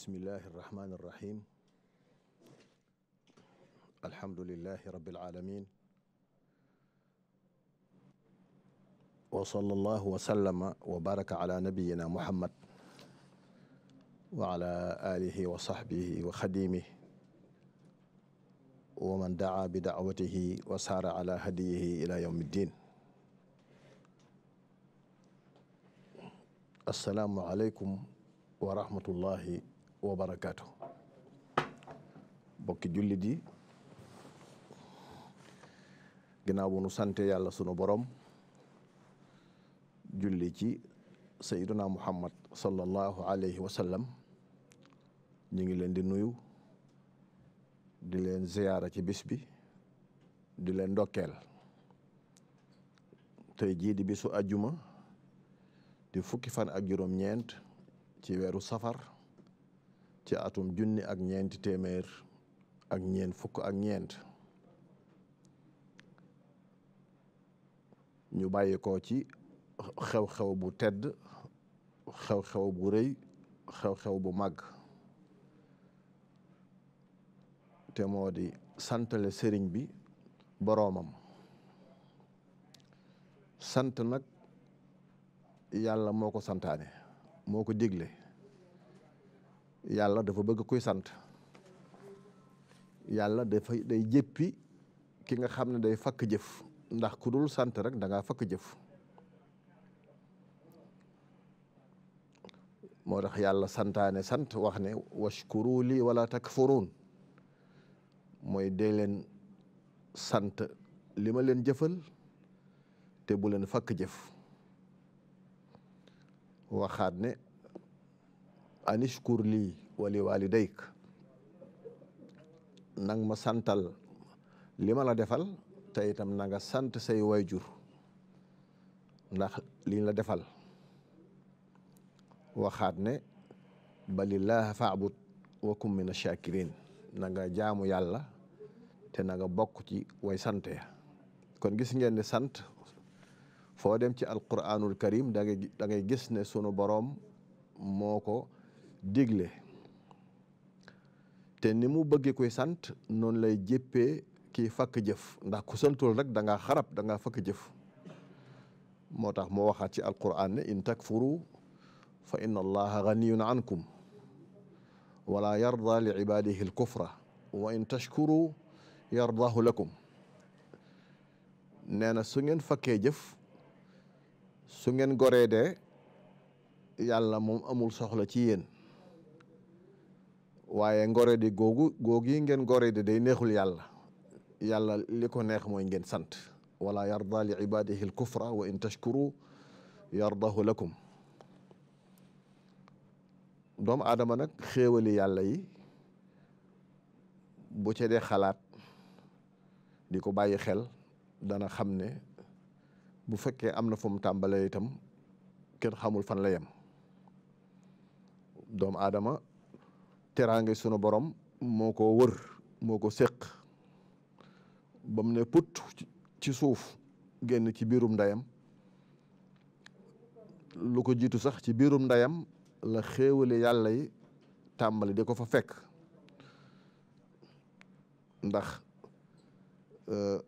bismillahi irrahmani irrahim alhamdulilahi rabilalamin wa sala allahu wasallama wa baraka ala nabiyina muhammad wa ala alihi wa sahbihi wa xadimih wa man daa bi daawatihi wa saara ala hadiyihi ila yawm ddin assalaamu aleykum wa rahmatullahi wa barakaatu mbokki jullit yi ginnaaw bu nu sante yàlla sunu borom julli ci sayyiduna muhammad sallallahu alayhi wa sallam ñu ngi leen di nuyu di leen ziyaara ci bis bi di leen ndokkeel tey jii di bisu ajjuma di fukki fan ak ñeent ci weeru safar ci atum junni ak ñeent téeméer ak ñeent fukk ak ñeent ñu bàyyi ko ci xew-xew bu tedd xew-xew bu rëy xew-xew bu màgg te moo di santale sëriñ bi boroomam sant nag yàlla moo ko santaane moo ko digle yàlla dafa bëgg koy sant yàlla defa day jëppi ki nga xam ne day fakk jëf ndax ku dul sant rek danga fakk jëf moo tax yàlla santaane sant wax ne washkuru li wala takfuruun mooy dee leen sant li ma leen jëfal te bu leen fakk jëf waxaat ne an ishkur lii wali walidayk nang ma santal li ma la defal te itam na nga sant say wayjur ndax liñ la defal waxaat ne balillaaha faabud wa kum min ash-shakirin na jaamu yàlla te na bokk ci way sante kon gis ngeen ne sant foo dem ci alquranul karim da ngay da gis ne sunu boroom moo ko digle te ni mu bëggee koy sant noon lay jéppee kii fakk jëf ndax ku santul rek da ngaa xarab da ngaa fakk jëf moo tax moo waxaat ci alquran ne in takfuru fa inna allaha ganiyun ankum wala yarda li ibadihi al kufra wa in tashkuru yardahu lakum nee na su ngeen fakkee jëf su ngeen goree dee yàlla moom amul soxla ci yéen waaye ngore di googu googi ngeen ngore day neexul yàlla yàlla li ko neex mooy ngeen sant wala yarda li ibadihi al kufra wa in tashkuru yardahu lakum doomu aadama nag xéewali yàlla yi bu ca dee xalaat di ko bàyyi xel dana xam ne bu fekkee am na fu mu tàmbalee itam kenn xamul fan la yem doomu teraanga sunu borom moo ko wër moo ko séq ba ne put ci suuf génn ci biirum ndeyam lu ko jiitu sax ci biirum ndeyam la xéewale yàlla yi tàmbali de ko fa fekk ndax euh,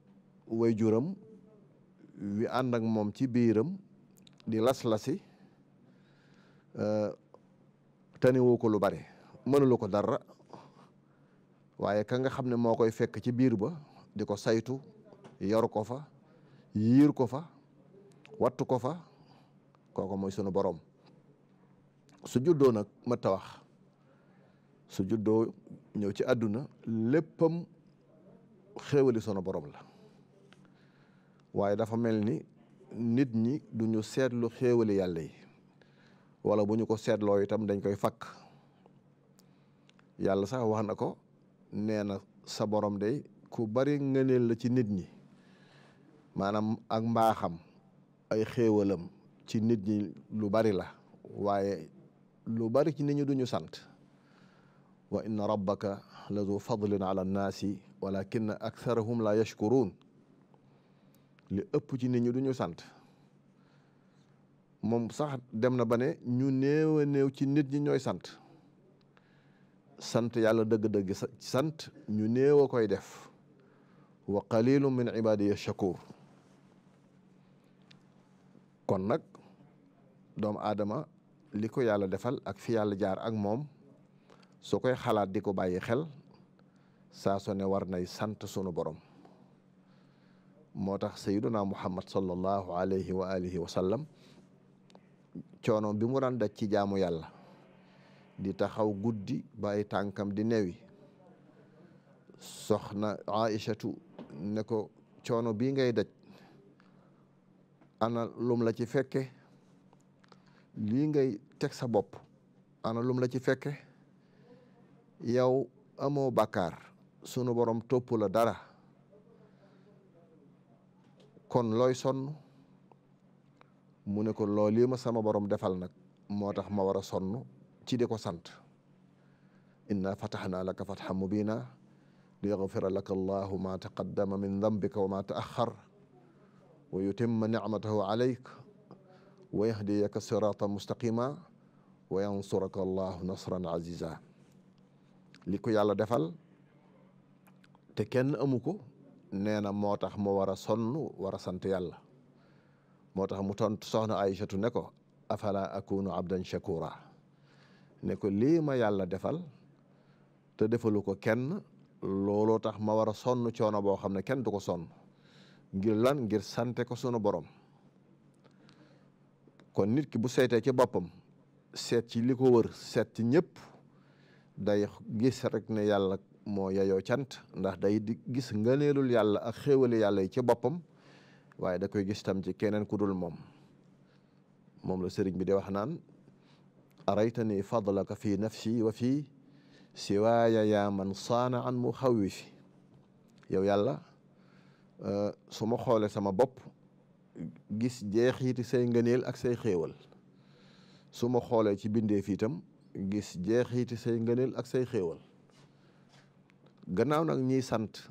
way juram wi àndak moom ci biiram di las-lasi euh, taniwu ko lu bare mënalu ko dara waaye ka nga xam ne moo koy fekk ci biir ba di ko saytu yoru ko fa yiir ko fa wattu ko fa kooku mooy sunu boroom su juddoo nag ma wax su juddoo ñëw ci àdduna léppam xéewali sunu borom la waaye dafa mel ni nit ñi duñu seetlu xéewali yàlla yi wala bu ñu ko seetloo itam dañ koy fakk yàlla sax wax na ko nee na sa borom day ku bari ngëneel la ci nit ñi maanaam ak mbaaxam ay xéewalam ci nit ñi lu bari la waaye lu bari ci nit ñi duñu sant wa inna rabbaka la du fadlin ala annaasi walakinna aktharahum la yashkurun li ëpp ci nit ñi duñu sant moom sax dem na ba ne ñu néew a ci nit ñi ñooy sant sant yàlla dëgg-dëgg sant ñu néew a koy def wa qalilu min ibadiya shakur kon nag doomu aadama li ko yàlla defal ak fi yàlla jaar ak moom soo koy xalaat di ko bàyyi xel saa su ne war nay sant sunu borom moo tax sayyiduna muhammad sallallahu alayhi wa alihi wa sallam coono bi mu daan daj ci jaamu yàlla di taxaw guddi bàyyi tànkam di newi soxna aïchatu ne ko coono bii ngay daj ana lum la ci fekke lii ngay teg sa bopp ana lum la ci fekke yow amoo bakkaar sunu borom topp la dara kon looy sonn mu ne ko loolu yi ma sama borom defal nag moo tax ma war a sonn ci de ko sant inna fatahnaa laka fathan mubiina liyaghfira laka allahu ma taqaddama min dambika wa ma ta'akhkhar wa yutimma ni'matahu alayk wa yahdiyaka siratan mustaqima aziza li ko yàlla defal te kenn amu ko nee na moo tax mu war a sant yàlla moo tax mu tont soxna Aïchatu ne ko afala akunu shakura ne ko lii ma yàlla defal te defalu ko kenn looloo tax ma war a sonn coono boo xam ne kenn du ko sonn ngir lan ngir sante ko sunu boroom kon nit ki bu seetee ci boppam seet ci li ko wër seet ci ñëpp day gis rek ne yàlla moo yayoo cant ndax day di gis ngëneelul yàlla ak xéewali yàlla yi ci boppam waaye da koy gis tam ci keneen ku dul moom moom la sëriñ bi di wax naan araytani fadlaka fi nafsi wa fi siwaaya yaa man saana an mu xawwifi yow yàlla euh, su ma xoolee sama bopp gis jeexiiti say ngëneel ak say xéewal su ma xoolee ci bindee fi itam gis jeexiiti say ngëneel ak say xéewal gannaaw nag ñi sant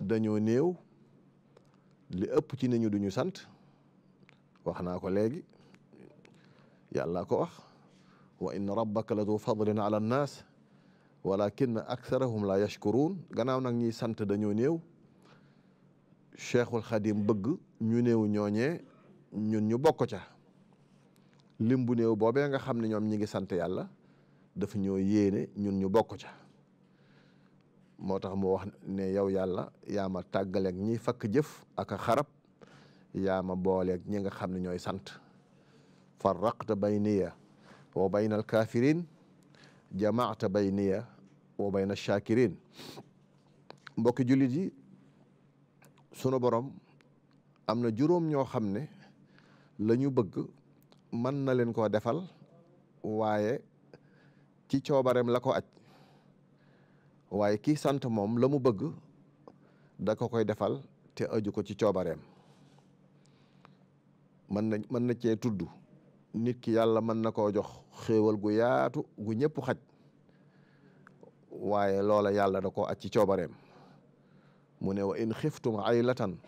dañoo néew li ëpp ci nañu duñu sant wax naa ko léegi yàlla ko wax wa inna rabbaka la du fadlin ala annaas walakin aktharahum la yashkuruun ganaaw nag ñiy sant dañoo néew cheikhul xadim bëgg ñu néew ñooñee ñun ñu bokk ca lim bu néew boobee nga xam ne ñoom ñu ngi sant yàlla daf ñoo yéene ñun ñu bokk ca moo tax moo wax ne yow yàlla yaa ma tàggaleeg ñiy fakk jëf ak a xarab yaa ma booleeg ñi nga xam ne ñooy sant farraqta bayniya wa bayna alkafirin jamaata bayniya wa bayna shakirin mbokki jullit yi sunu borom am na juróom ñoo xam ne lañu bëgg mën na leen koo defal waaye ci coobareem la ko aj waaye kii sant moom la mu bëgg da ko koy defal te aju ko ci coobareem mën na mën na cee tudd nit ki yàlla mën na koo jox xéewal gu yaatu gu ñëpp xaj waaye loola yàlla da ko aj ci coobareem mu ne wa in xiftum aylatan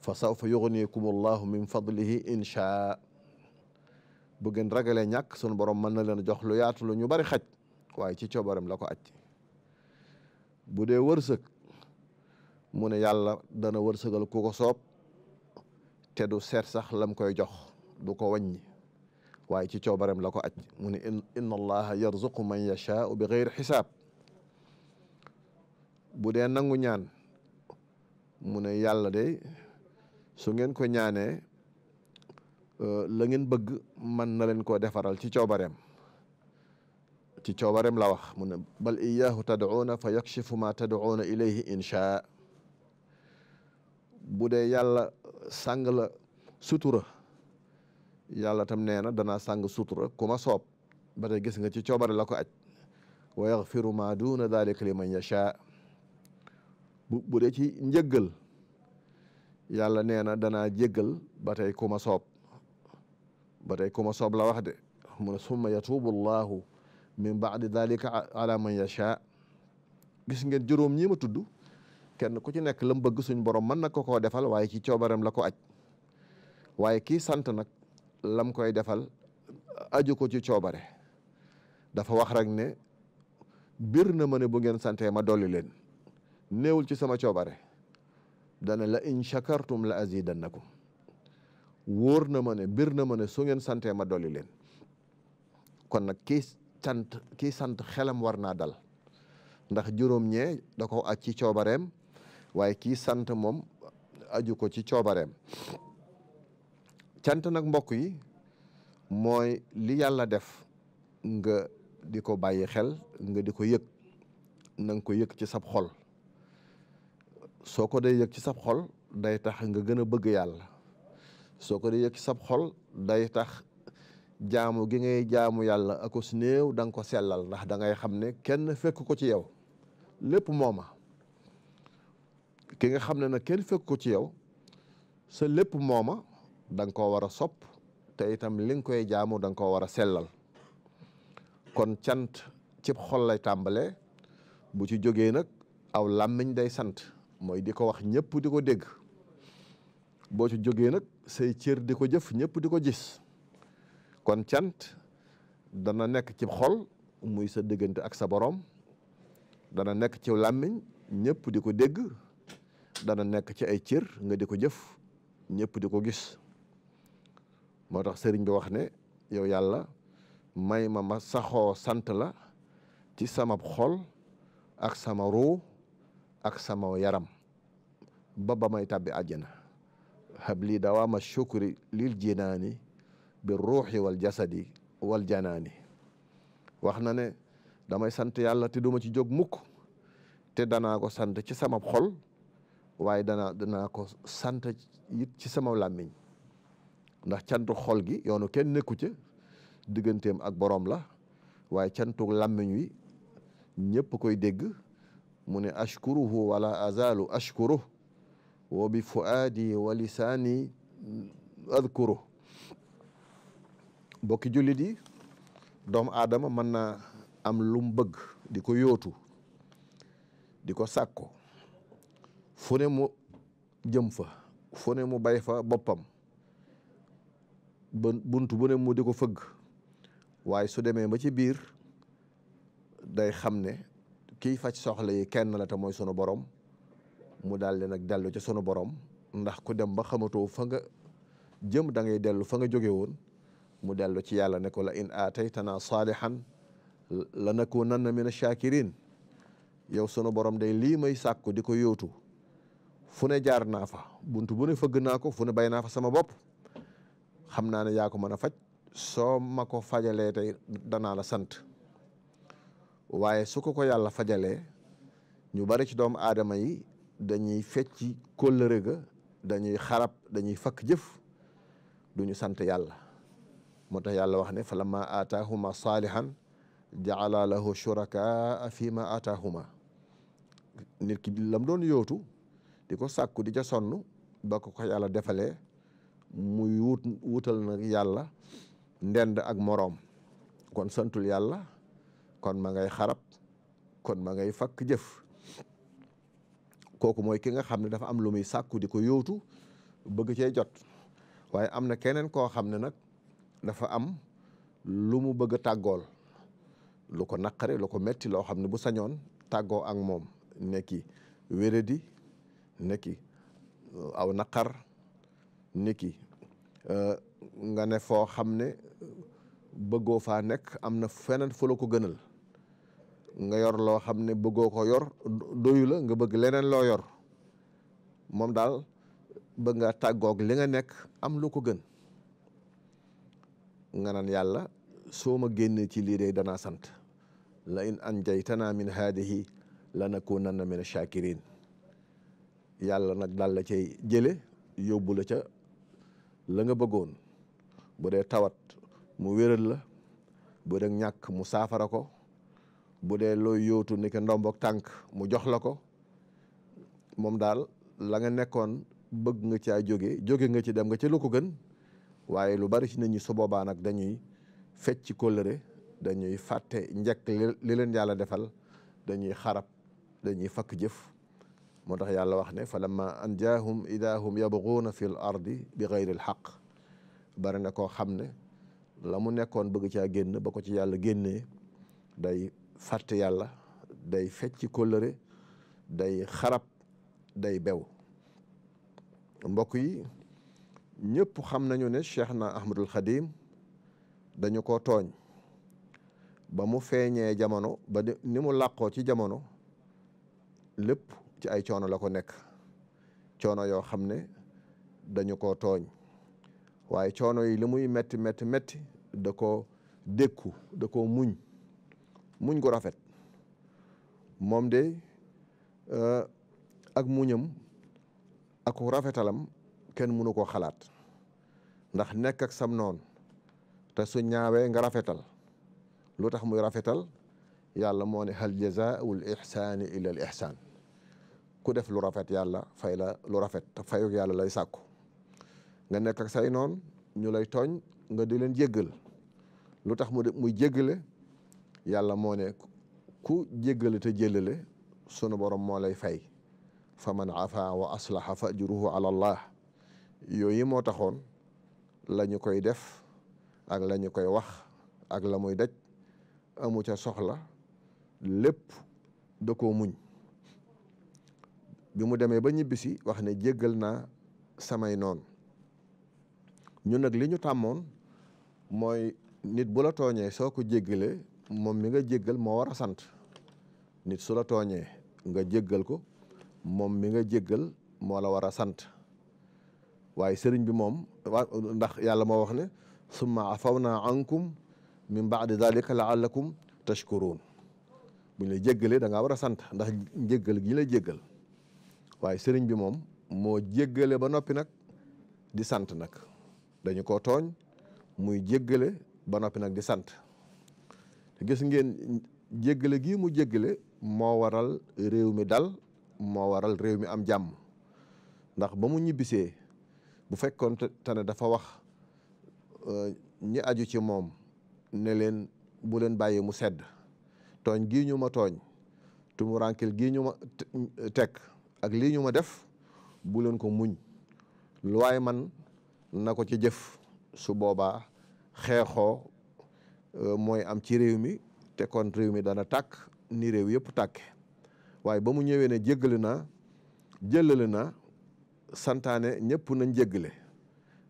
fa sawfa yugnikum allahu min fadlihi inchaa bu ngeen ragalee ñàkk sunu borom mën na leen jox lu yaatu lu ñu bari xaj waaye ci coobareem la ko aj bu dee wërsëg mu ne yàlla dana wërsëgal ku ko soob te du seet sax lam koy jox du ko wàññi waaye ci coobareem la ko aj mu ne inna allaha yarzuqu man yashaau bi xeyri xisaab bu dee nangu ñaan mu ne yàlla de su ngeen ko ñaanee euh, la ngeen bëgg man na leen koo defaral ci coobareem ci coobareem la wax mu ne bal iyaahu tad'uuna fa yakshifu ma tad'uuna ilayhi inchaa bu dee yàlla sàng la sutura yàlla tam nee na danaa sàng sutura ku ma soob ba tey gis nga ci coobare la ko aj wa yaxfiru ma duna dalika liman yasha bu bu dee ci njëggal yàlla nee na danaa jéggal ba tey ku ma soob ba tey ku ma soob la wax de mu ne summa yatubu allahu min baadi dalika ala man yasha gis ngeen juróom ñi ma tudd kenn ku ci nekk lam bëgg suñ borom mën na ko koo defal waaye ci coobareem la ko aj waaye kii sant nag lam koy defal aju ko ci coobare dafa wax rek ne bir na ma ne bu ngeen santee ma dolli leen néewul ci sama coobare dana la in shakartum la azidannakum wóor na ma ne bir na ma ne su ngeen santee ma dolli leen kon nag kii sant kii sant xelam war naa dal ndax juróom ñee da ko aj ci coobareem waaye kii sant moom aju ko ci coobareem cant nag mbokk yi mooy li yàlla def nga di ko bàyyi xel nga di ko yëg na ko yëg ci sab xol soo ko day yëg ci sab xol day tax nga gën a bëgg yàlla soo ko day yëg ci sab xol day tax jaamu gi ngay jaamu yàlla ako si néew danga ko sellal ndax dangay xam ne kenn fekk ko ci yow lépp mooma ki nga xam ne na kenn fekk ko ci yow sa lépp mooma da nga koo war a sopp te itam li nga koy jaamu da koo war a sellal kon cant cib xol lay tàmbalee bu ci jógee nag aw làmmiñ day sant mooy di ko wax ñëpp di ko dégg boo ci jógee nag say cër di ko jëf ñëpp di ko gis kon cant dana nekk ci xol muy sa diggante ak sa borom dana nekk ci làmmiñ ñëpp di ko dégg dana nekk ci ay cër nga di ko jëf ñëpp di ko gis moo tax sëriñ bi wax ne yow yàlla may ma ma saxoo sant la ci sama xol ak sama ruu ak sama yaram ba ba may tàbbi àjjana habli dawaama shukri lil jinaani bi ruuxi wal jasadi wal janaani wax na ne damay sant yàlla te du ma ci jóg mukk te danaa ko sant ci sama xol waaye danaa danaa ko sant it ci sama làmmiñ ndax cantu xol gi yoonu kenn nekku ca digganteem ak boroom la waaye cantu làmmiñ wi ñëpp koy dégg mu ne ashkuruhu wala azalu ashkuru wa bi fuaadi wa lisaani adkuru bokki jullit yi doomu aadama mën na am lu mu bëgg di ko yootu di ko sàkko fu ne mu jëm fa fu ne mu bay fa boppam ba bunt bu ne mu di ko fëgg waaye su demee ma ci biir day xam ne kii faj soxla yi kenn la te mooy sunu borom mu dal di nag dellu ci sunu borom ndax ku dem ba xamatoo fa nga jëm da ngay dellu fa nga jóge woon mu dellu ci yàlla ne ko la in aataytana saalihan la nakunanna min ash-shakirin yow sunu borom day lii may ko di ko yóotu fu ne jaar naa fa bunt bu ne fëgg naa ko fu ne bay naa fa sama bopp xam naa ne yaa ko mën a faj soo ma fajalee tey danaa la sant waaye su ko ko yàlla fajalee ñu bari ci doomu aadama yi dañuy fecci kóllëre ga dañuy xarab dañuy fakk jëf duñu sant yàlla moo tax yàlla wax ne fa lama aataahuma saalihan jaala lahu shurakaa fi ma aataahuma nit ki lam doon yootu di ko sàkku di ca sonn ba ko ko yàlla defalee mu wut wutal nag yàlla ndend ak moroom kon santul yàlla kon ma ngay xarab kon ma ngay fakk jëf kooku mooy ki nga xam ne dafa am lu muy sàkku di ko yóotu bëgg cee jot waaye am na keneen koo xam ne nag dafa am lu mu bëgg a tàggool lu ko naqare lu ko metti loo xam ne bu sañoon tàggoo ak moom nekki wéradi nekki uh, aw naqar niki euh, nga ne foo xam ne bëggoo fa nekk am na feneen fu la ko gënal nga yor loo xam ne bëggoo ko yor doyu nga bëgg leneen loo yor moom daal bëgg nga tàggoog li nga nekk am lu ko gën nga naan yàlla soo ma génnee ci lii de danaa sant la in anjaytana min haadihi lanakunanna min shakirin yàlla nag daal la cay jële yóbbu la ca la nga bëggoon bu dee tawat mu wéral la bu dee ñàkk mu saafara ko bu dee looy yootu ni ke ndombok tànk mu jox la ko moom daal la nga nekkoon bëgg nga caa jóge jóge nga ci dem nga ci lu ko gën waaye lu bari ci nit ñi su boobaa nag dañuy fecc ko lëre dañuy fàtte njëkk li leen yàlla defal dañuy xarab dañuy fakk jëf moo tax yàlla wax ne fa lamma an jaahum ida hum yabguuna fi l ardi bi gayril xaq bari na koo xam ne la mu nekkoon bëgg caa génn ba ko ci yàlla génnee day fàtte yàlla day fecc kóllëre day xarab day bew mbokk yi ñépp xam nañu ne cheikh na ahmadul xadim dañu ko tooñ ba mu feeñee jamono ba ni mu làqoo ci jamono lépp ci ay coono la ko nekk coono yoo xam ne dañu ko tooñ waaye coono yi li muy metti metti metti da ko dékku da ko muñ muñ ko rafet moom de eh, ak muñam ak rafetalam kenn mënu ko xalaat ndax nekk ak sam noon te su ñaawee nga rafetal lu tax muy rafetal yàlla moo ne hal jazaa'ul ihsaani illa al ihsaan ku def lu rafet yàlla fay la lu rafet te fayuk yàlla lay sàkku nga nekk ak say noon ñu lay tooñ nga di leen jéggal lu tax mu de muy jéggale yàlla moo ne ku jéggale te jëlale sunu borom moo lay fay fa man afa wa aslaha fa ajruhu ala yooyu moo taxoon lañu koy def ak lañu koy wax ak la muy daj amu ca soxla lépp da koo muñ bi mu demee ba ñibbisi wax ne jéggal na samay noon ñun nag li ñu tàmmoon mooy nit bu la tooñee soo ko jéggalee moom mi nga jéggal moo war a sant nit tooñee nga jéggal ko moom mi nga jéggal moo la war a sant waaye sëriñ bi moom ndax yàlla moo wax ne suma summa afawna ankum min baadi dalika laallakum tashkurun buñ la jéggalee danga war a sant ndax njéggal gi ñu la jéggal waaye sëriñ bi moom moo jéggale ba noppi nag di sant nag dañu ko tooñ muy jéggale ba noppi nag di sant te gis ngeen jéggale gii mu jéggale moo waral réew mi dal moo waral réew mi am jàmm ndax ba mu ñibbisee bu fekkoon te ne dafa wax euh, ñi aju ci moom ne leen bu leen bàyyi mu sedd tooñ gii ñu ma tooñ tumurankil gii ñu tekk ak lii ñu def buleen ko muñ lu man na ko ci jëf su boobaa xeexoo euh, mooy am ci réew mi te kon réew mi dana takk ni réew yëpp takk waaye ba mu ñëwee ne jéggale naa jëllale na santaane ñëpp nañ jéggale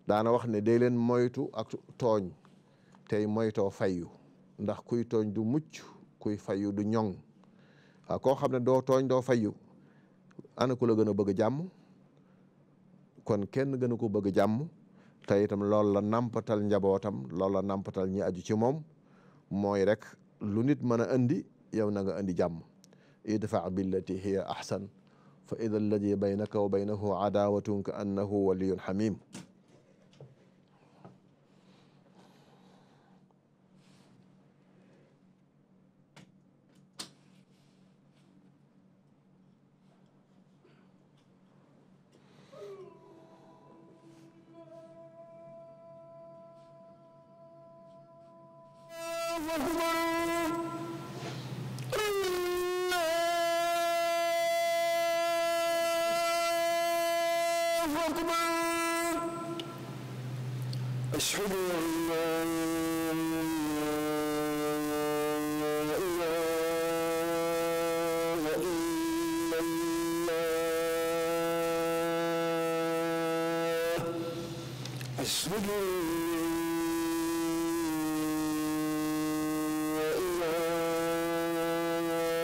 daana wax ne day leen moytu ak tooñ tey moytoo fayu ndax kuy tooñ du mucc kuy fayu du ñoŋ waaw koo xam ne doo tooñ doo fayu ana ku la gën a bëgg jàmm kon kenn gën a ko bëgg jàmm te itam loolu la nampatal njabootam loolu la nampatal ñi aju ci moom mooy rek lu nit mën a indi yow na nga indi jàmm idfa billati hiya ahsan fa ida alladi baynaka wa baynahu adawatun ka annahu waliyun hamim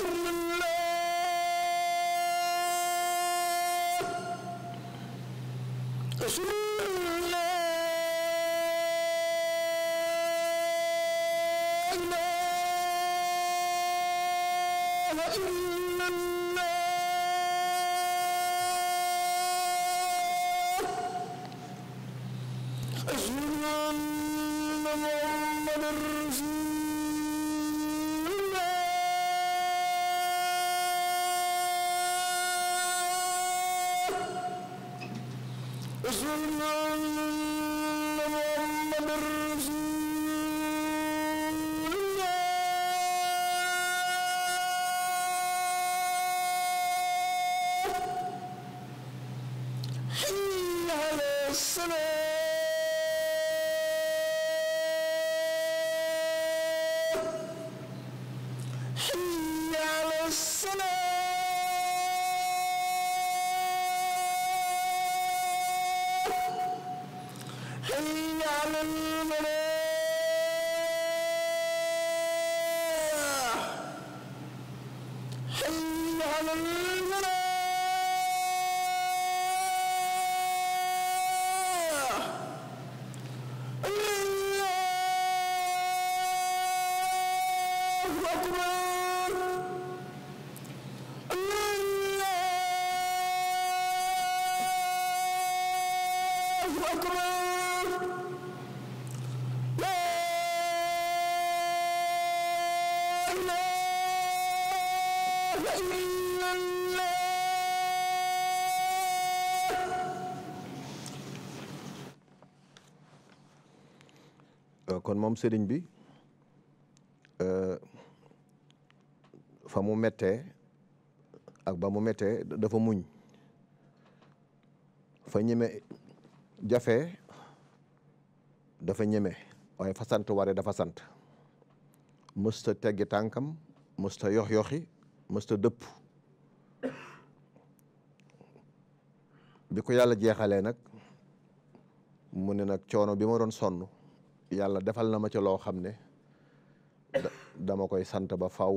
من لا moom sëriñ bi euh, fa mu mettee ak ba mu mettee dafa muñ fa ñeme jafe dafa ñeme waaye fa sant ware dafa sant mësta teggi tànkam mësta yox yoxi mësta dëpp bi ko yàlla jeexalee nag mu ne nag coono bi ma doon sonn yàlla defal na ma ca loo xam ne dama koy sant ba faw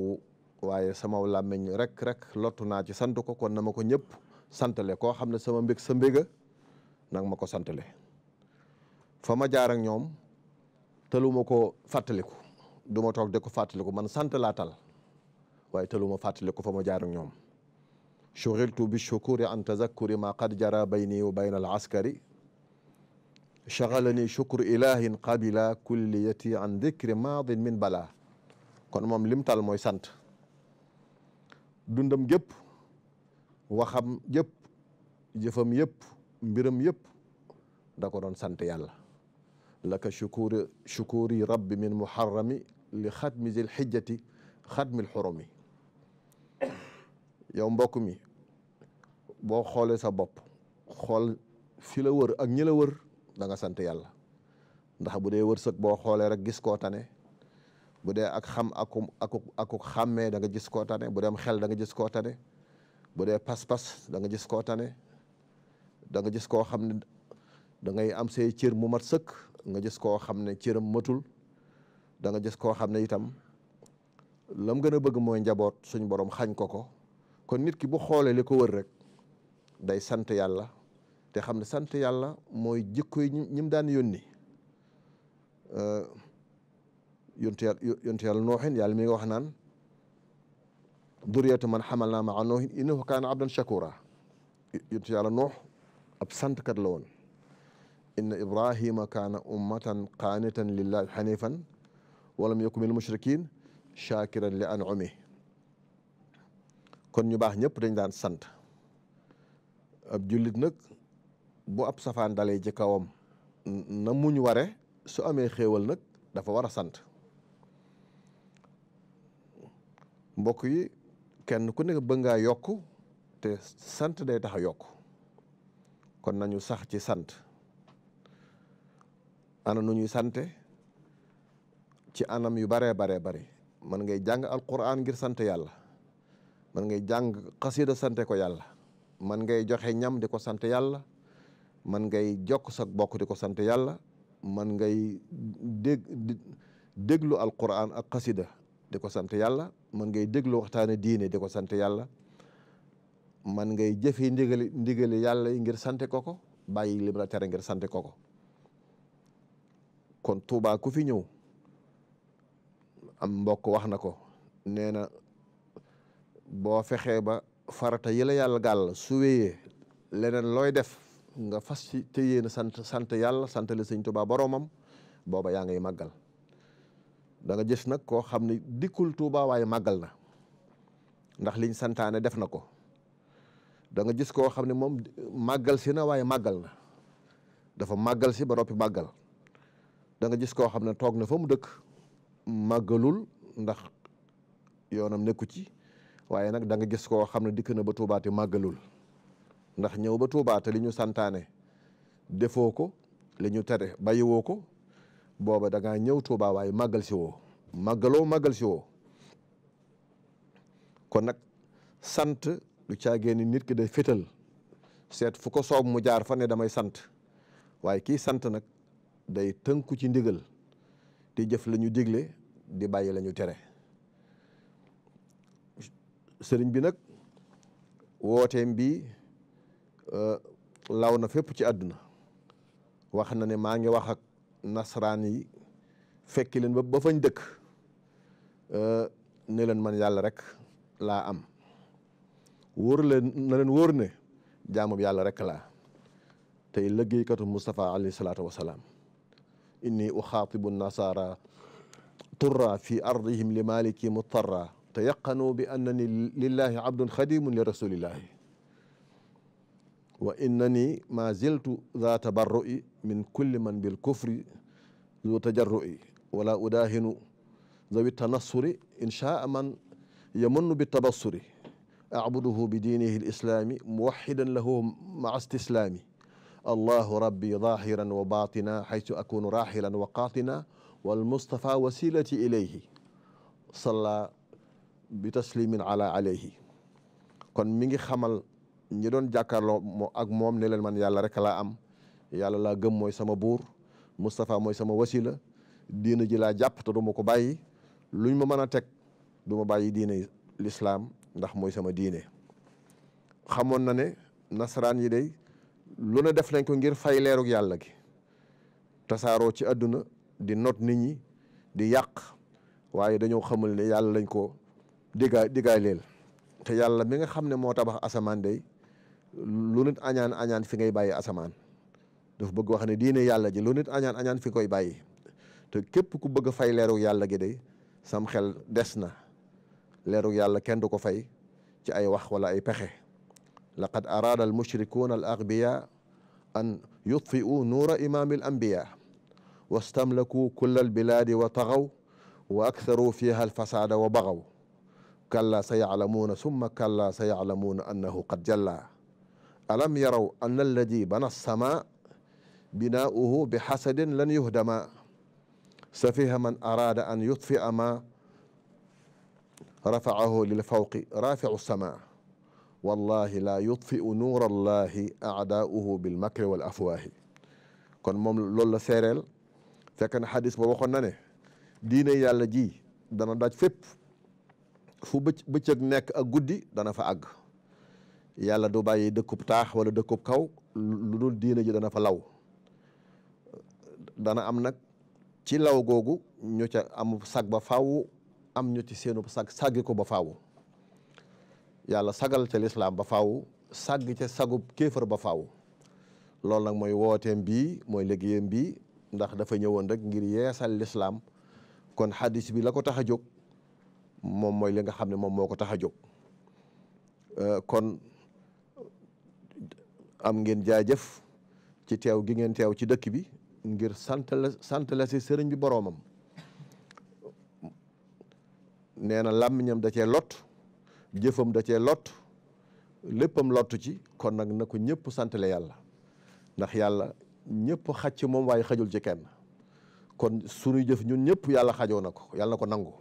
waaye sama làmmiñ rek rek lottu naa ci sant ko kon na ma ko ñëpp santale koo xam ne sama mbég sa mbéga nag ma ko santale fa ma jaar ak ñoom tëluma ko fàttaliku du ma toog de ko fàttaliku man sant laa tal waaye tëluma fàttaliku fa ma jaar ak ñoom shughiltu bi shukuri an tazakkuri ma qad jara bayni wa bayna al askari chagalani chukru ilahin qabila kulliyati an dicri maadin min bala kon moom lim tal mooy sant dundam gépp waxam yëpp jëfam yëpp mbiram yëpp da ko doon sant yàlla laka shukuri shukuri rabbi min muharrami li xatmi zil xijjati xatmil xurumi yow mbokk mi boo xoolee sa bopp xool fi la wër ak ñi la wër da nga sant yàlla ndax bu dee wërsëg boo xoolee rek gis koo tane bu dee ak xam aku aku aku xàmmee da nga gis ko tane bu dee am xel da nga gis koo tane bu dee pas da nga gis koo tane da nga gis koo xam ne da ngay am say cër mu mat sëkk nga gis koo xam ne mu matul danga nga gis koo xam ne itam lam gën bëgg mooy njaboot suñ borom xañ ko ko kon nit ki bu xoolee li ko wër rek day sant yàlla te xam ne sant yàlla mooy jikko yi daan yónni euh, yontu yàlla yontu yàlla nooxin yàlla mi nga wax naan duriyatu man xamal naa maa nooxin innahu kaana abdan shakura yontu yàlla noox ab santkat la woon inna ibrahima kaana ummatan qaanitan lillahi xanifan walam yaku min mushrikin shakiran li anumi kon ñu baax ñëpp dañ daan sant ab jullit nag bu ab safaan dalee ci kawam na muñ ware su amee xéewal nag dafa war a sant mbokk yi kenn ku nekk bëgg ngaa yokk te sant day tax a yokk kon nañu sax ci sant ana nu ñuy sante ci anam yu baree baree bari man ngay jàng al alquran ngir sant yàlla man ngay jàng xasida sante ko yàlla man ngay joxe ñam di ko sant yàlla man ngay jokk sa bokk di ko sant yàlla man ngay dég déglu alquran ak kasida di ko sant yàlla man ngay déglu waxtaane diine di ko sant yàlla man ngay jëfee ndigali ndigali yàlla yi ngir sante ko ko bàyyi lim la tere ngir sante ko ko kon Tuubaa ku fi ñëw am mbokk wax na ko nee na boo fexee ba farata yi la yàlla gàll su leneen looy def nga fas ci te yéen a sant sant yàlla santale sëñ Tuubaa boroomam booba yaa ngay màggal danga nga gis nag koo xam ne dikkul Tuubaa waaye màggal na ndax liñ santaane def na ko da nga koo xam ne moom màggal si na waaye màggal na dafa màggal si ba noppi màggal danga nga gis koo xam ne toog na fa mu dëkk màggalul ndax yoonam nekku ci waaye nag danga gis koo xam ne dikk na ba Tuubaa te màggalul ndax ñëw ba Touba te li ñu santaane defoo ko li tere bàyyiwoo ko booba da ñëw Touba waaye màggal si woo màggaloo màggal si woo kon nag sant lu caagee ni nit ki day fétal seet fu ko soob mu jaar fa ne damay sant waaye kii sant nag day tënku ci ndigal di jëf la ñu digle di bàyyi la tere sëriñ bi nag wooteem bi Euh, law na fépp ci àdduna wax na ne maa ngi wax ak nasaraan yi fekki leen ba ba fañ dëkk euh, leen man yàlla rek laa am wóor leen na leen wóor ne jaamub yàlla rek laa tey liggéeykatu Moustapha alayhi salaatu wa salaam inni uxaatibu nasara turra fi ardihim li maliki mutarra te yaqanu bi annani lillahi abdun xadimun li rasulillahi wa innani ma ziltu za tabarru'i min kulli man bil kufri zu tajarru'i wala udahinu zawi tanassuri inshaa man yamunnu bi tabassuri abuduhu bi diinihi lislaami muwaxidan lahu maa istislaami allahu rabbi zahiran wa batina xaytu akunu raxilan wa qaatina walmustafa wasilati ilayhi salla bi taslimin ala alayhi kon mi ngi xamal ñi doon jàkkaarloo moo ak moom ne man yàlla rek laa am yàlla laa gëm mooy sama buur Moustapha mooy sama wasila diina ji laa jàpp te du ko bàyyi luñ ma mën a teg du ma bàyyi diine lislaam ndax mooy sama diine xamoon na ne nasaraan yi day lu ne def nañ ko ngir fay leerug yàlla gi tasaaroo ci àdduna di not nit ñi di yàq waaye dañoo xamul ne yàlla lañ ko diggaa leel te yàlla mi nga xam ne moo tabax asamaan day lu añaan añaan fi ngay bàyyi asamaan dafa bëgg wax ne diine yàlla ji lu añaan añaan fi koy bàyyi te képp ku bëgg a fay leeru yàlla gi de sam xel des na leeru yàlla kenn du ko fay ci ay wax wala ay pexe laqad araada al mushrikuuna al aghbiya an yutfi'u nuura imaamil anbiya wastamlaku kulla al wa taxaw wa aktharu fiha al wa baxaw kalla sa yaclamuuna summa kalla sa yaclamuuna annahu qad jalla alam yaraw anna alladi bana sama binaauhu bi xasadin lan yuhdama safiha man araada an yutfia ma rafaahu lil fawqi rafiu sama wallahi laa yutfiu nuura allahi aadaauhu bil makri wal afwaahi kon moom loolu la seereel fekk na xadis ba waxoon na ne diine yàlla ji dana daj fépp fu bëccëg nekk ak guddi dana fa àgg yàlla du bàyyi dëkkub taax wala dëkkub kaw lu dul diina ji dana fa law dana am nag ci law googu ñu ca am sag ba faaw am ñu ci seenu sag saggi ko ba faaw yàlla sagal ca lislaam ba faaw sagg ca sagub kéefar ba faaw loolu nag mooy wooteem bii mooy liggéeyam bii ndax dafa ñëwoon rek ngir yeesal lislaam kon xadis bi la ko tax a jóg moom mooy li nga xam ne moom moo ko tax a jóg kon am ngeen jaajëf ci teew gi ngeen teew ci dëkk bi ngir sant la si sëriñ bi boroomam nee na làmmiñam da cee lot jëfam da cee lot léppam lottu ci kon nag na ko ñëpp santale yàlla ndax yàlla ñëpp xaj ci moom waay xajul ci kenn kon suñuy jëf ñun ñëpp yàlla xajoo na ko yàlla na ko nangu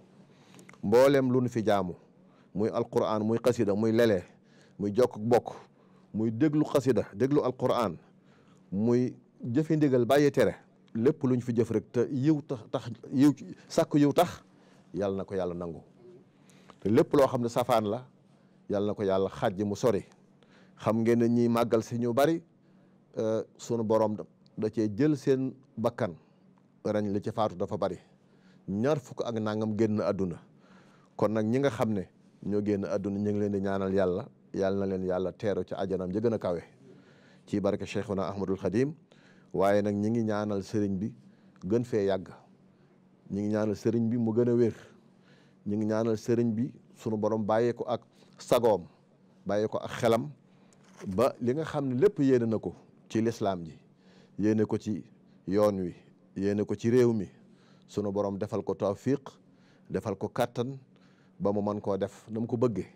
mbooleem lu fi jaamu muy alquran muy xasida muy lele muy jokk bokk muy déglu xasida déglu alquran muy jëfe ndigal bàyyi tere lépp lu ñu fi jëf rek te yiw tax tax yiw sàkk yiw tax yàlla na ko yàlla nangu lépp loo xam ne safaan la yàlla na ko yàlla xaj mu sori xam ngeen ne ñiy màggal si ñu bari euh, sunu borom da cee jël seen bakkan rañ li ci faatu dafa bari ñaar fukk ak nangam génn àdduna kon nag ñi nga xam ne ñoo génn àdduna ñu ngi leen di ñaanal yàlla yàlla na leen yàlla teeru ci ajanam ja gën a kawe ci barke Cheikhuna Ahmadul Khadim waaye nag ñi ngi ñaanal sëriñ bi gën fee yàgg ñi ngi ñaanal sëriñ bi mu gën a wér ñi ngi ñaanal sëriñ bi sunu borom bàyyee ko ak sagoom bàyyee ko ak xelam ba li nga xam ne lépp yéene na ko ci lislaam ji yéene ko ci yoon wi yéene ko ci réew mi sunu borom defal ko tawfiq defal ko kàttan ba mu mën koo def na ko bëggee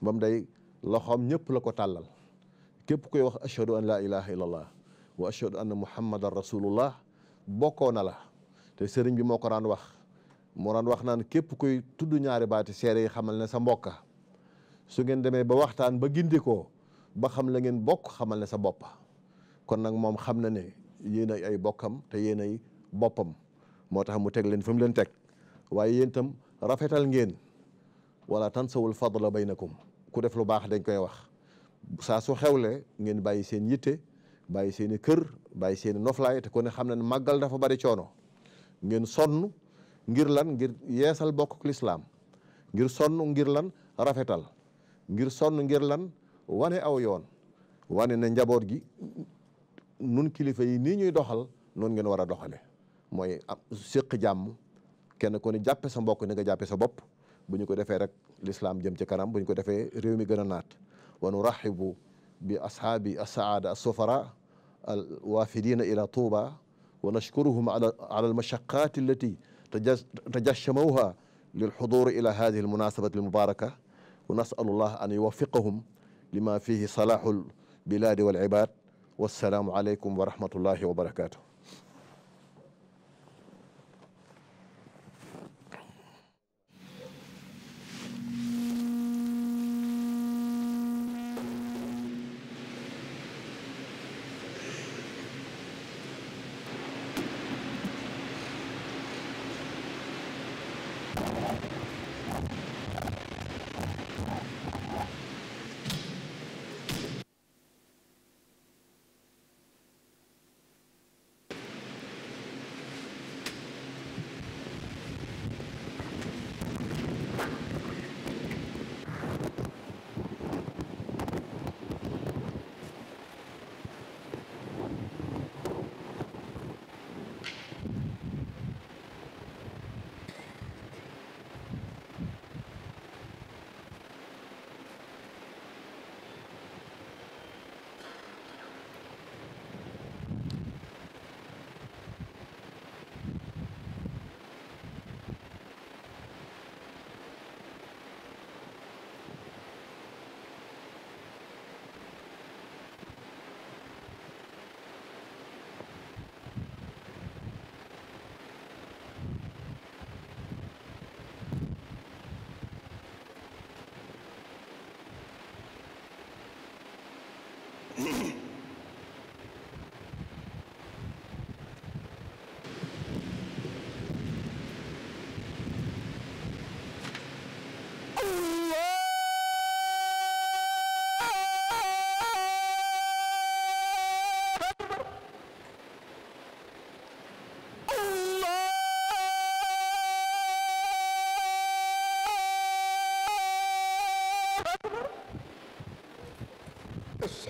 ba day loxoom ñëpp la ko tàllal képp koy wax ashhadu an laa ilaha illallah wa ashhadu anna muhammadan rasulullah bokkoo na la te sëriñ bi moo ko daan wax moo daan wax naan képp koy tudd ñaari baati seere yi xamal ne sa mbokka su ngeen demee ba waxtaan ba gindikoo ba xam la ngeen bokk xamal ne sa bopp kon nag moom xam na ne yéen ay bokkam te yéen boppam moo tax mu teg leen fi mu leen teg waaye yéen rafetal ngeen wala tansawul fadla baynakum ku def lu baax dañ koy wax saa su xewlee ngeen bàyyi seen yitte bàyyi seen i kër bàyyi seen i noflaay te ku ne xam na ne màggal dafa bari coono ngeen sonn ngir lan ngir yeesal bokk lislaam ngir sonn ngir lan rafetal ngir sonn ngir lan wane aw yoon wane ne njaboot gi nun kilifa yi nii ñuy doxal noonu ngeen war a doxale mooy am séq jàmm kenn ku ne jàppe sa mbokk ni nga jàppe sa bopp bu ñu ko defee rek lislaam jëm ci kanam buñ ko defee réew mi gën a naat wa nurahibu bi ashaabi assaada assufara al waafidina ila tuuba wa nashkuruhum ala al mashaqaati allati tajashamawha lil xuduuri ila hadihi al munasabati al mubaraka wa nasalu llah an yuwaffiqahum lima fihi salaahu al bilaadi wal ibaad wassalaamu aleykum wa rahmatullahi wa barakaatu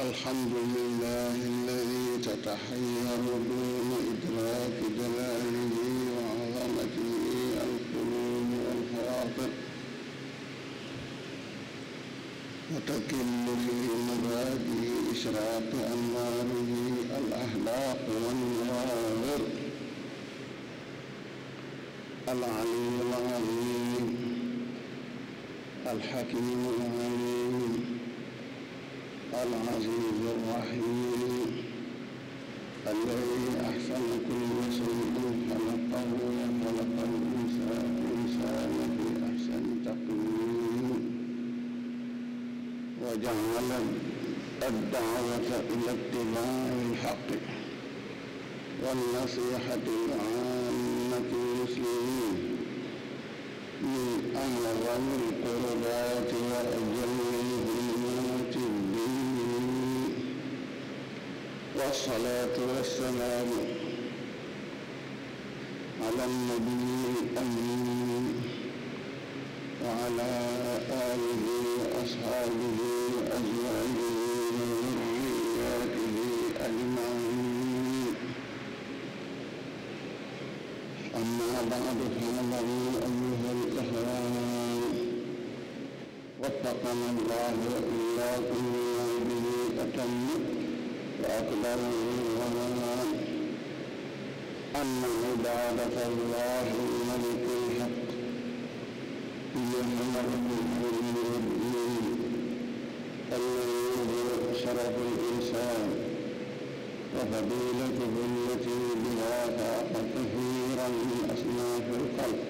الحمد لله الذي تتحير دون إدراك جلاله وعظمته القلوب والخواطر وتكل في مراده إشراق أنواره الأخلاق والنواظر العلي العظيم الحكيم العليم العزيز الرحيم الذي أحسن كل شيء خلقه وخلق الإنسان في أحسن تقويم وجعل الدعوة إلى اتباع الحق والنصيحة لعامة المسلمين من أعظم القربات وأجل والصلاة والسلام على النبي الأمين وعلى آله وأصحابه أجمعين وذرياته أجمعين أما بعد فنظروا أيها الإخوان وفقنا الله وإياكم به أتمت الأكبر منهما أن عبادة الله الملك الحق يملك بالحلم والدين الذي شرف الإنسان وفضيلته التي بها فاق كثيرا من أصناف الخلق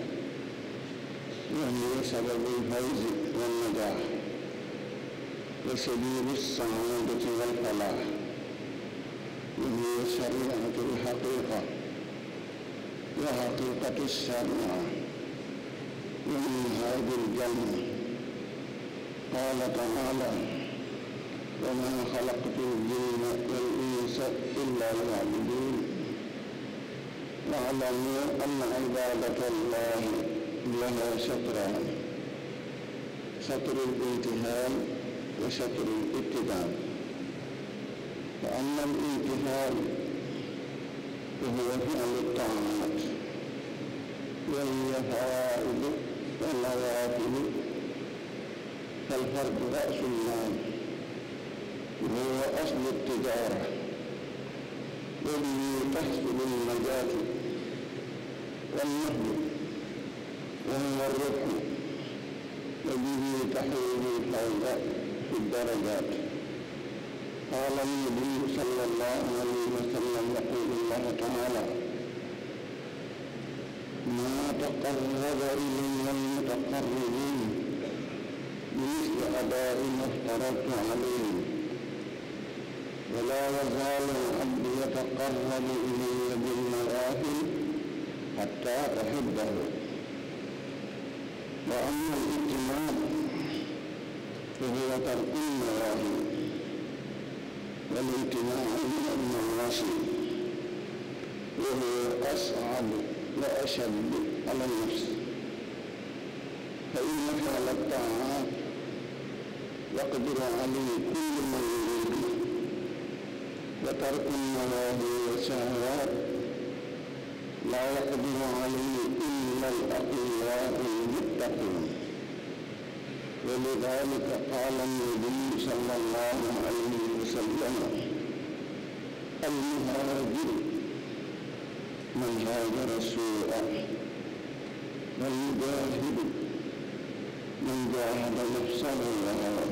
وهي سبب الفوز والنجاح وسبيل السعادة والفلاح لشريعة الحقيقة وحقيقة الشريعة ومن هذا الجنة قال تعالى وما خلقت الجن والإنس إلا ليعبدون واعلموا أن عبادة الله لها شطران شطر الانتهاء وشطر الابتداء فأما الانتهاء فهو فعل الطاعات والفرائض والنوافل فالفرد رأس المال وهو أصل التجارة وبه تحصل النجاة والنهب وهو الربح وبه تحول الفوضى في الدرجات قال النبي صلى الله عليه وسلم يقول الله تعالى ما تقرب إلي المتقربون بمثل أداء ما افترضت عليهم ولا يزال عبدي يتقرب إلي بالنوافل حتى أحبه وأما الاجتماع فهو ترك النوافل والامتناع من المعاصي وهو أصعب وأشد على النفس فإن فعل الطاعات يقدر عليه كل من يريد وترك النواهي والشهوات لا يقدر عليه إلا الأقوياء المتقون ولذلك قال النبي صلى الله عليه وسلم المهاجر من هاجر سوءا والمجاهد من جاهد نفسه وهواه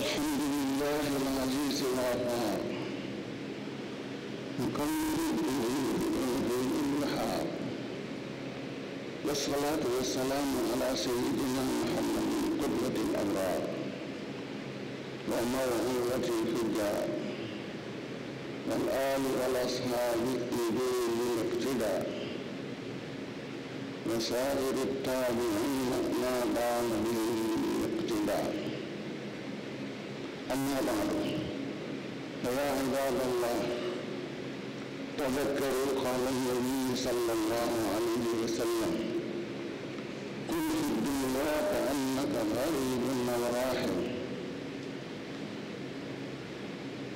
الحمد لله العزيز الغفار مقيد بوجود البحار والصلاة والسلام على سيدنا محمد قدوة الأبرار وموعظة الفجار والآل والأصحاب بدون الاقتداء وسائر التابعين ما دام بهم الاقتداء أما بعد فيا عباد الله تذكروا قول النبي صلى الله عليه وسلم كن في الدنيا كأنك غريب أو راحل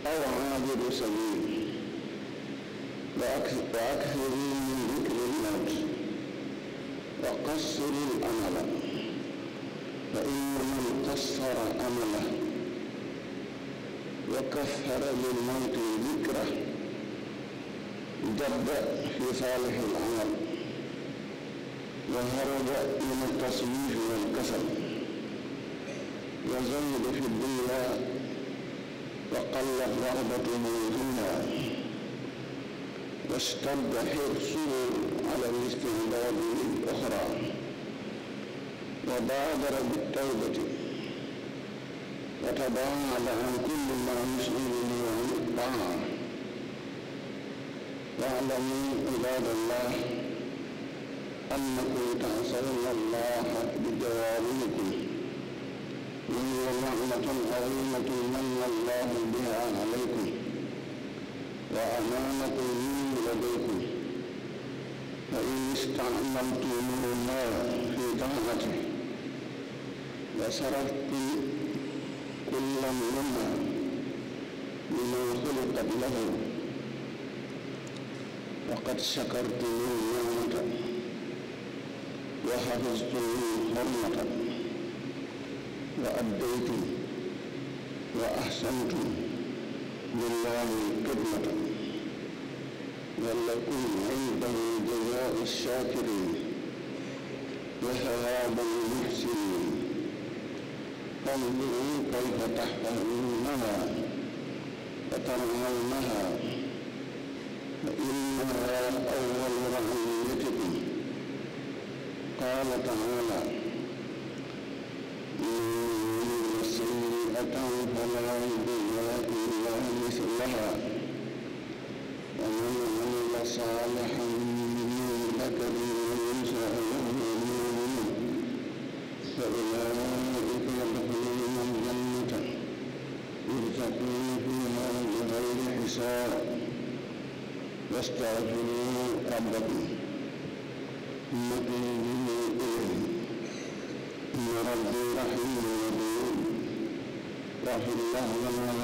أو عابر سبيل وأكثر من ذكر الموت وقصر الأمل فإن من قصر أمله وكفر من موته ذكره جد في صالح العمل وهرب من التصويف والكسل وزود في الدنيا وقلت رغبته فيها واشتد حرصه على الاستعداد للأخرى وبادر بالتوبة وتضاع لهم كل ما يشغل اليوم طعام واعلموا عباد الله أنكم تعصون الله بجوارحكم وهي نعمة عظيمة من الله بها عليكم وأمانة من لديكم فإن استعملتم الله في طاعته وصرفتم كل منهما لما خلقت له وقد شكرت من نعمة وحفظت من حرمة وأديت وأحسنت لله خدمة ولكم عنده جزاء الشاكرين وثواب المحسنين فانظروا كيف تحكمونها وترونها فإنها أول رهينتكم قال تعالى من سيئة فلا يستعجلون ربكم مقيمين إليه إن ربي رحيم ودود وفي الله لنا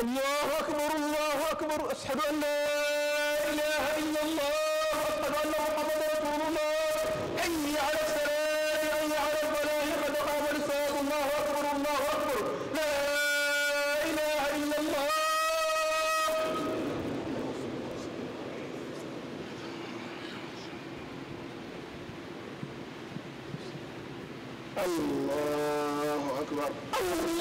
الله أكبر الله أكبر أشهد أن لا إله إلا الله أشهد أن محمدا رسول الله حي على الصلاة حي على الفلاح قد قام الصلاة الله أكبر الله أكبر لا إله إلا الله الله أكبر الله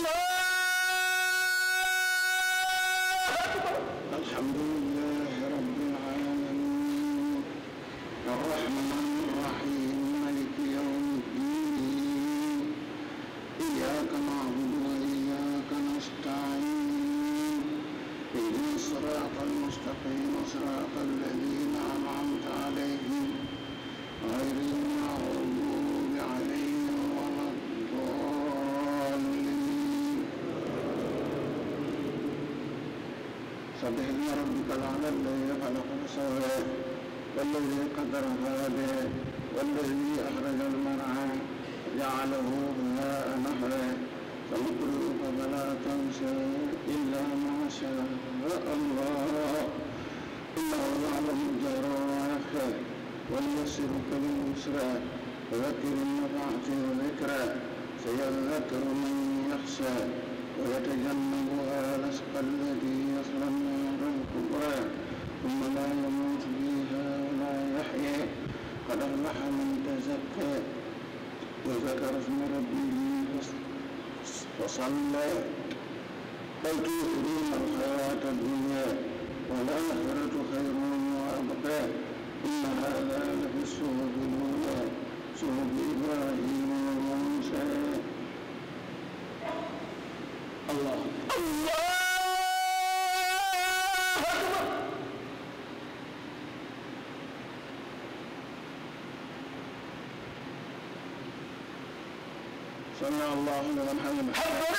الله لمن حمده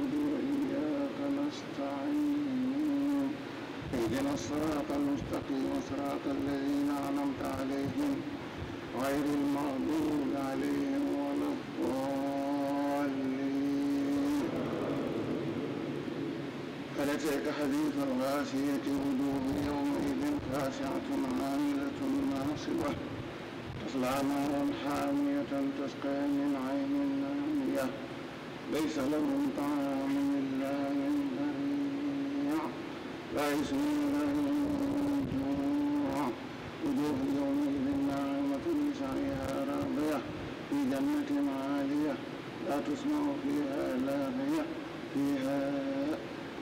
اهدنا الصراط المستقيم صراط الذين أنعمت عليهم غير المغضوب عليهم ولا الضالين فلتلك حديث الغاشية وجوه يومئذ خاشعة عاملة ناصبة تصلى نارا حامية تسقى من عين آنية ليس لهم طعام ويزول الجوع وجوه يومئذ ناعمة لسعيها راضية في جنة عالية لا تسمع فيها لاغية فيها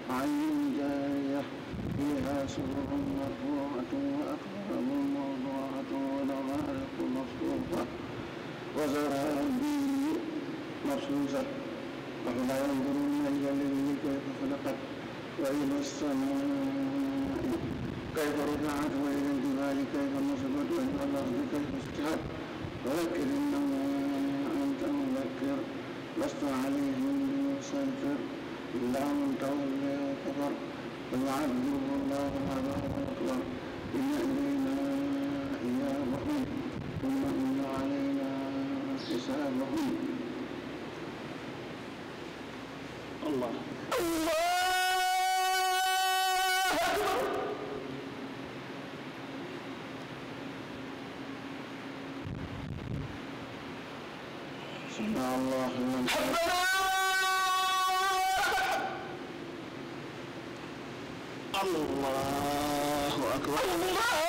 عين جارية فيها سرر مرفوعة وأكواب موضوعة ونمارق مصفوفة وزرابي مصوصة وهم ينظرون إلى الذي كيف خلقت وإلى السماء كيف رفعت وإلى الجبال كيف نصبت وإلى الأرض كيف استوت وذكر إنما أنت مذكر لست عليهم بمسيطر إلا من تولي وكفر فيعذبه الله العذاب الأكبر إن إلينا إيابهم ثم إن علينا حسابهم الله الله أكبر الله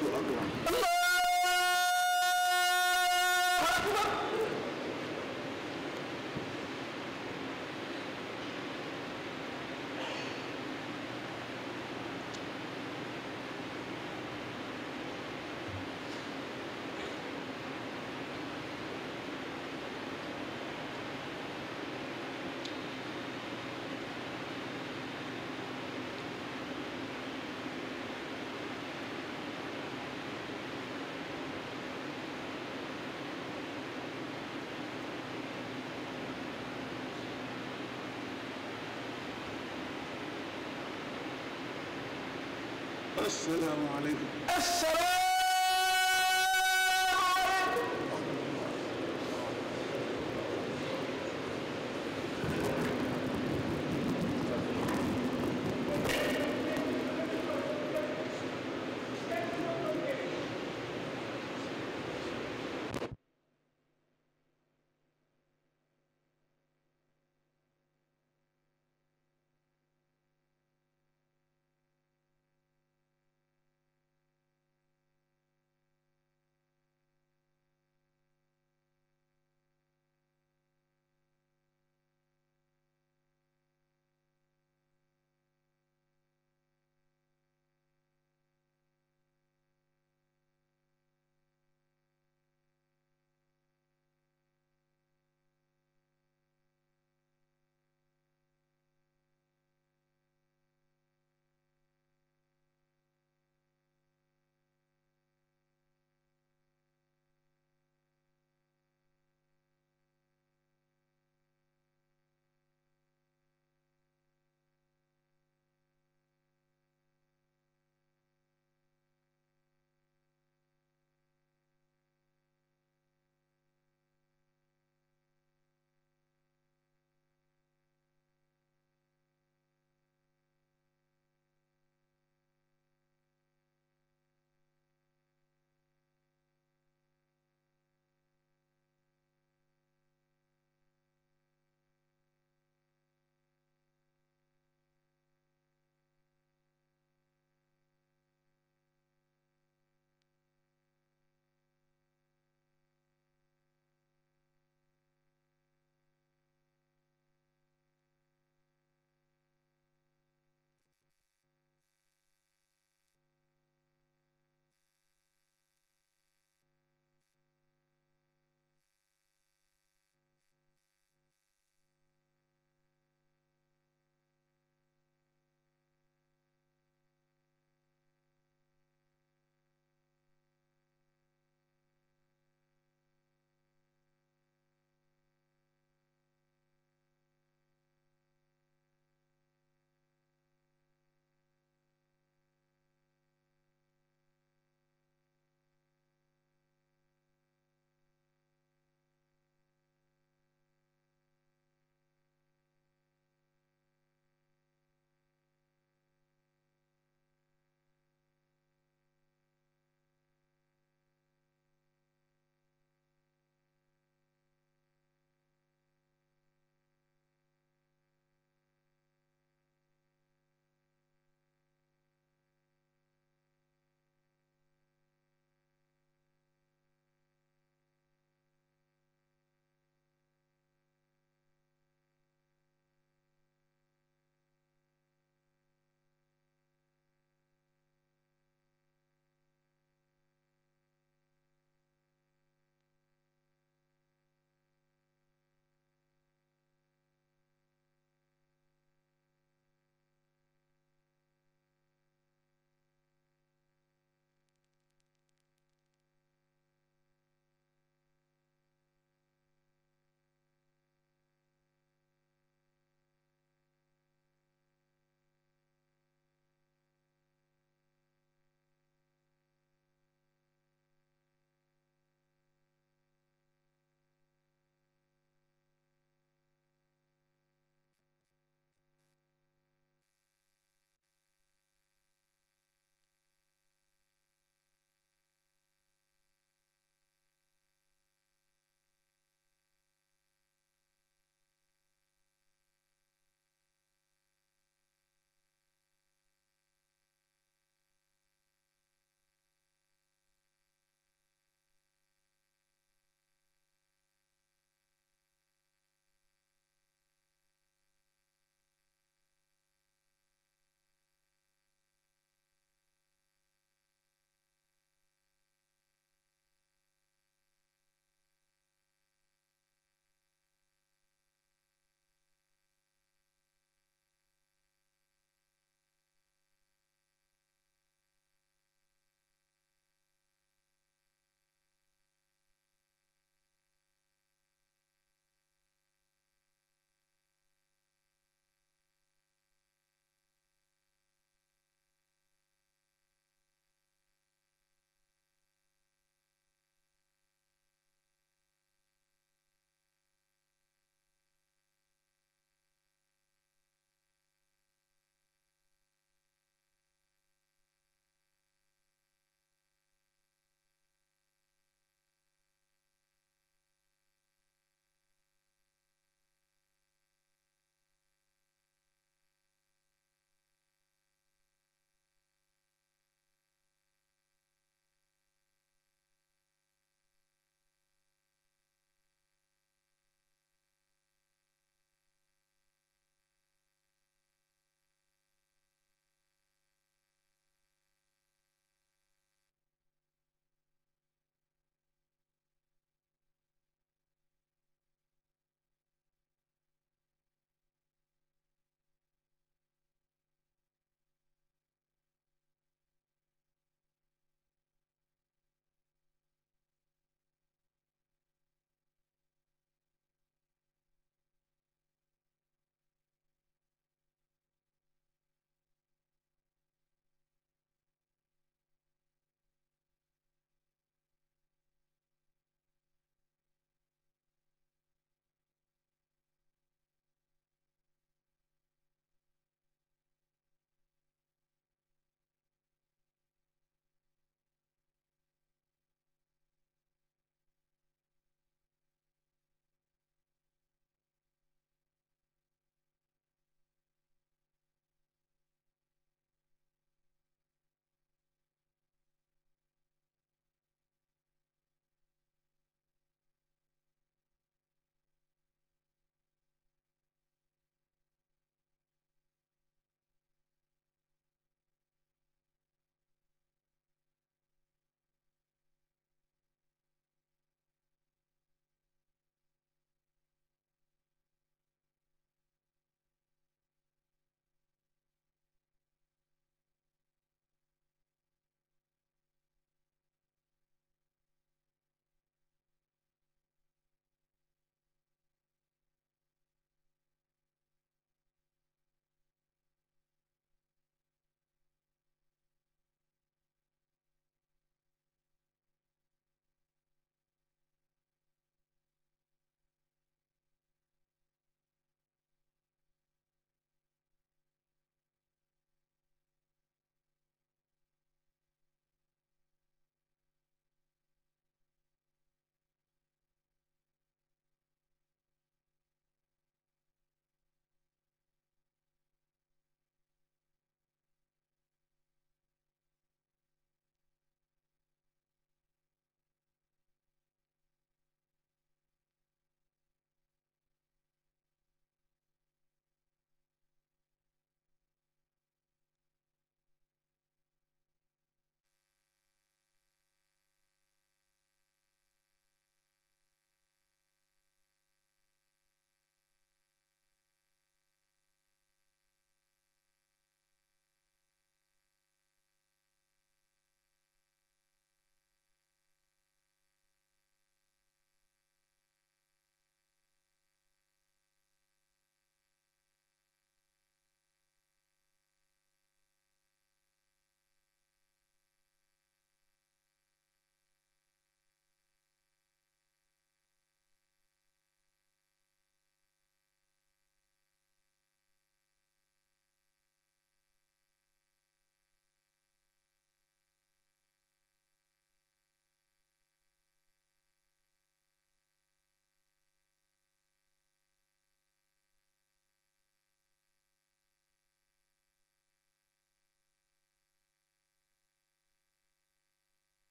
الله asalaamaaleykum.